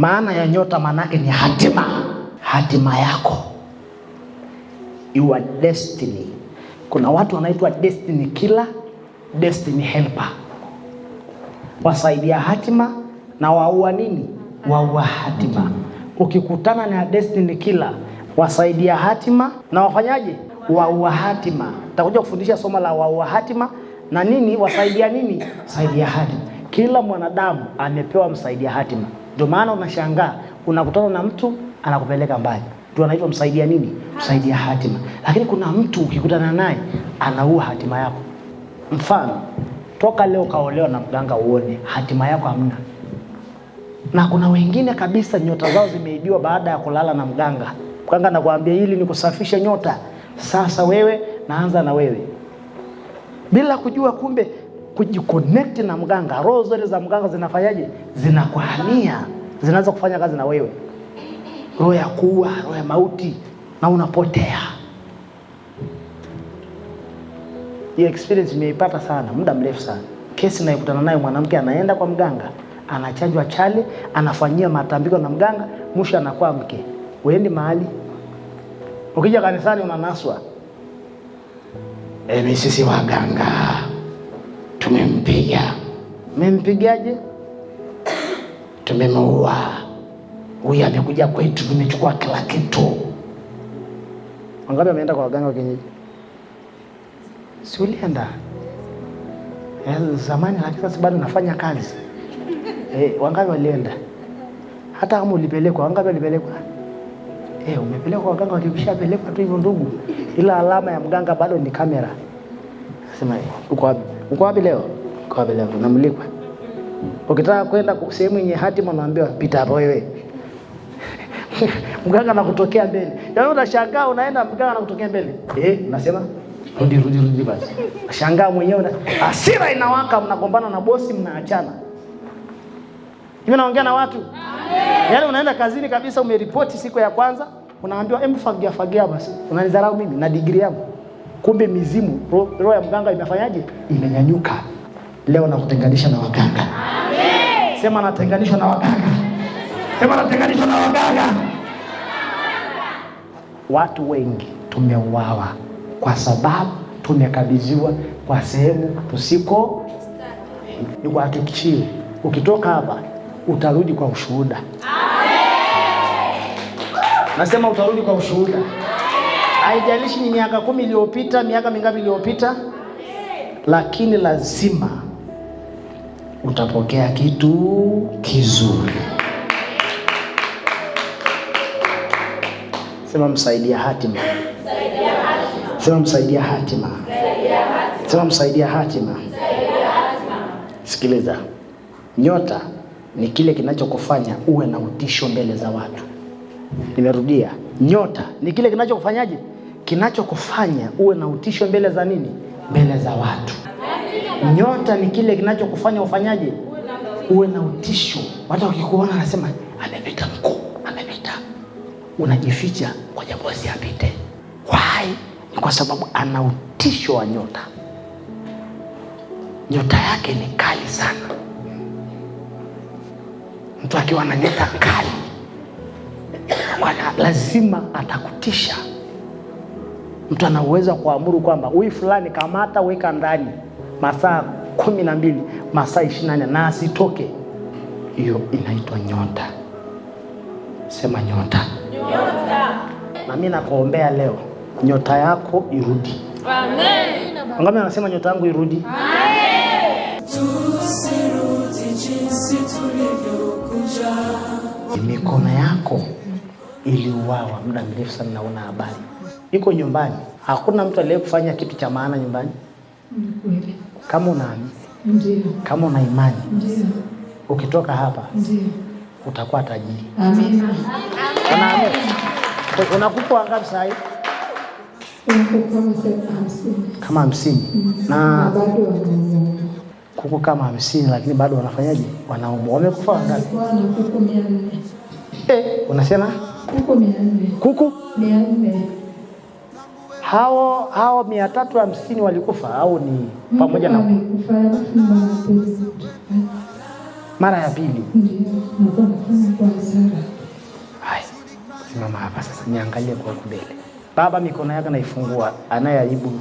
Maana ya nyota manake ni hatima, hatima yako, your destiny. Kuna watu wanaitwa destiny killer, destiny helper, wasaidia hatima na waua nini, waua hatima. Ukikutana na destiny killer, wasaidia hatima na wafanyaje, waua hatima. Takuja kufundisha somo la waua hatima na nini, wasaidia nini, saidia hatima. Kila mwanadamu amepewa msaidia hatima. Ndio maana unashangaa unakutana na mtu anakupeleka mbali, tu, anaitwa msaidia nini? Msaidia hatima. Lakini kuna mtu ukikutana naye anaua hatima yako. Mfano, toka leo kaolewa na mganga, uone hatima yako hamna. Na kuna wengine kabisa nyota zao zimeibiwa baada ya kulala na mganga. Mganga anakuambia hili ni kusafisha nyota, sasa wewe naanza na wewe, bila kujua kumbe kujikonekti na mganga. Roho zote za mganga zinafanyaje? Zinakuhamia, zinaanza kufanya kazi na wewe, roho ya kuua, roho ya mauti, na unapotea. Hiyo experience nimeipata sana, muda mrefu sana. Kesi nayokutana nayo, mwanamke anaenda kwa mganga, anachanjwa chale, anafanyia matambiko na mganga, mwisho anakuwa mke. Uendi mahali, ukija kanisani unanaswa, e, eh, sisi waganga tumempiga. Mmempigaje? Tumemuua. Huyu amekuja kwetu, tumechukua kila kitu. Wangapi ameenda kwa waganga wa kienyeji? Si ulienda eh, zamani, lakini sasa bado nafanya kazi e, wangapi walienda? Hata kama ulipelekwa, wangapi walipelekwa? E, umepelekwa waganga, wakishapelekwa tu hivyo ndugu, ila alama ya mganga bado ni kamera. Sema uko wapi? Uko wapi leo? Uko wapi leo? Unamulikwa. Ukitaka kwenda sehemu yenye hatima unaambiwa pita hapo wewe. Mganga anakutokea mbele. Yaani unashangaa unaenda mganga anakutokea mbele. Eh, unasema rudi rudi rudi basi. Unashangaa mwenyewe una hasira inawaka mnagombana na bosi mnaachana. Hivi naongea na watu. Amen. Yaani unaenda kazini kabisa umeripoti siku ya kwanza unaambiwa hebu fagia fagia basi. Unanidharau mimi na degree yangu. Kumbe mizimu, roho ya mganga imefanyaje? Imenyanyuka. Leo nakutenganisha na waganga. Amen. Sema natenganishwa na waganga. Sema natenganishwa na waganga. Watu wengi tumeuawa kwa sababu tumekabidhiwa kwa sehemu tusiko. Nikuhakikishie, ukitoka hapa utarudi kwa ushuhuda. Amen. Nasema utarudi kwa ushuhuda haijalishi ni miaka kumi iliyopita, miaka mingapi iliyopita, lakini lazima utapokea kitu kizuri. Sema msaidia hatima, sema msaidia hatima, sema msaidia hatima. Sikiliza, nyota ni kile kinachokufanya uwe na utisho mbele za watu. Nimerudia, nyota ni kile kinachokufanyaje kinachokufanya uwe na utisho mbele za nini? Mbele za watu. Nyota ni kile kinachokufanya ufanyaje? Uwe na utisho. Watu wakikuona wanasema amepita mkuu, amepita. Unajificha kwa jambo asiapite. Why? Ni kwa sababu ana utisho wa nyota. Nyota yake ni kali sana. Mtu akiwa na nyota kali, lazima atakutisha. Mtu anaweza kuamuru kwamba huyu fulani kamata, weka ndani masaa kumi na mbili, masaa ishirini na nne na asitoke. Hiyo inaitwa nyota. Sema nyota, nyota. Na mimi nakuombea leo nyota yako irudi. Amen. Wangapi anasema nyota yangu irudi? Amen. jinsi Mikono yako iliuawa muda mrefu sana, naona habari iko nyumbani. Hakuna mtu aliye kufanya kitu cha maana nyumbani kama unaamini, Kama una imani, Ukitoka hapa, ndiyo, utakuwa tajiri. Amina. Unakupa ngapi saa hii? Kama hamsini na kuku kama hamsini, lakini bado wanafanyaje? Wanaumwa. Wamekufa wangapi? Eh, unasema kuku mia nne. Kuku mia nne hao hao mia tatu hamsini walikufa au ni pamoja na mara ya pili? Hai, simama hapa sasa, niangalie kwa kubele. Baba, mikono yako naifungua, anayeharibu